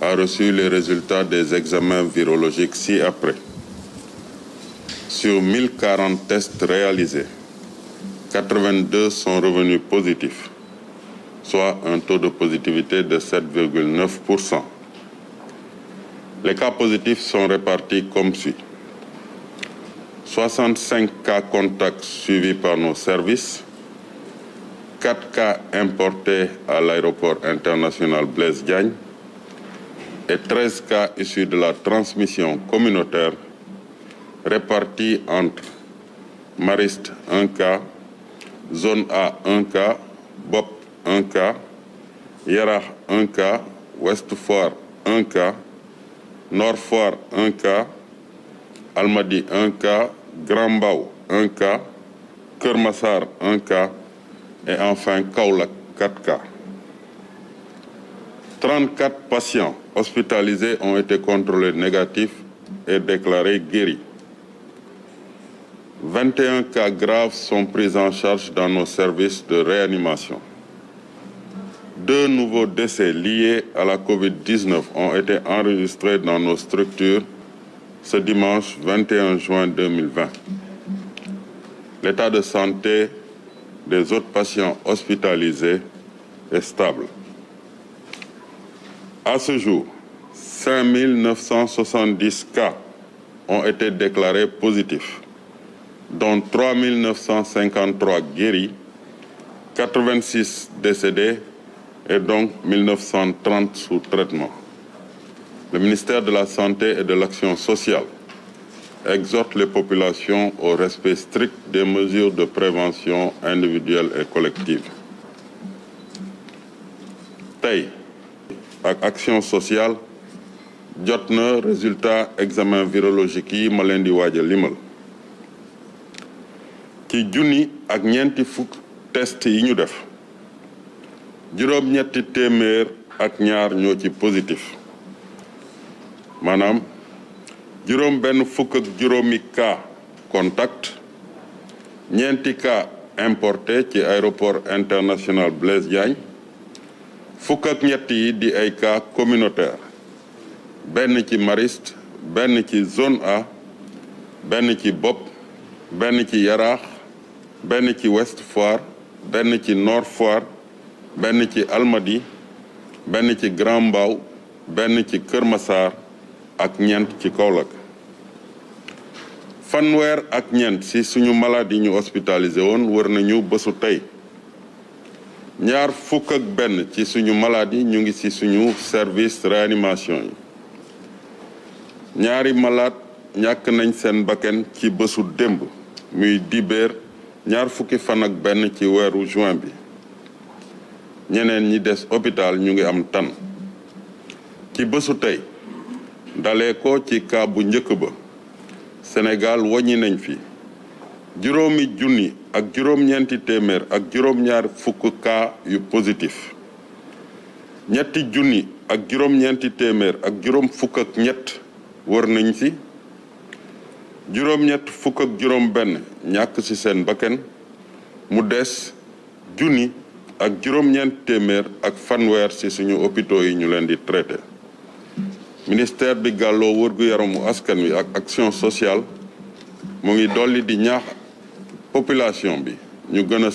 a reçu les résultats des examens virologiques ci-après. Sur 1040 tests réalisés, 82 sont revenus positifs, soit un taux de positivité de 7,9%. Les cas positifs sont répartis comme suit. 65 cas contacts suivis par nos services, 4 cas importés à l'aéroport international Blaise Diagne et 13 cas issus de la transmission communautaire répartis entre Mariste 1 cas, Zone A 1 cas, BOP 1 cas, Yarah 1 cas, Ouest 1 cas, Nord 1 cas, Almadi 1 cas, Grand Bau 1 cas, Kermassar 1 cas, et enfin Kaulak 4 k 34 patients hospitalisés ont été contrôlés négatifs et déclarés guéris. 21 cas graves sont pris en charge dans nos services de réanimation. Deux nouveaux décès liés à la COVID-19 ont été enregistrés dans nos structures ce dimanche 21 juin 2020. L'état de santé des autres patients hospitalisés est stable. À ce jour, 5 970 cas ont été déclarés positifs, dont 3 953 guéris, 86 décédés et donc 1930 sous traitement. Le ministère de la Santé et de l'Action sociale exhorte les populations au respect strict des mesures de prévention individuelle et collective. Tay, ak action sociale jot résultat examen virologique yi de di waaj limal ci junni ak ñeenti fukk test yi ñu def juróom-ñetti téeméer ak ñaar positif Madame, juróom benn fukk juróomi cas contact ñeenti cas importé ci aéroport international Blaise Diagne fukk ak ñett yi di ay cas communautaire benn ci Mariste benn ci zone A benn ci Bopp benn ci Yaraax benn ci Ouest Foire benn ci Nord Foire benn ci Almadies benn ci Grand Mbao benn ci Kër Massar ak ñeent ci Kaolack fanweer ak ñeent si suñu malade yi ñu hospitalisé woon wër nañu bésu tey ñaar fukk ak benn ci suñu malade ñu ngi si suñu service réanimation yi ñaari malade ñàkk nañ seen bakken ci bésu démb muy diber ñaar fukki fan ak benn ci weeru juin bi ñeneen ñi des hôpital ñu ngi am tan ci bésu dalee ko ci cas bu njëkk ba senegal waññi nañ fi juróomi junni ak juróom-ñeenti téeméer ak juróom fukk yu positif ñetti junni ak juróom téeméer ak juróom fukk ñett wër nañ ci juróom-ñett fukk ak juróom benn ñàkk ci seen bakken mu des junni ak juróom-ñeent téeméer ak fanweer ci suñu hôpitaux yi ñu leen di traité ministère bi gàlloo wërgu yaramu askan wi ak action sociale mu ngi dolli di ñax population bi ñu gën a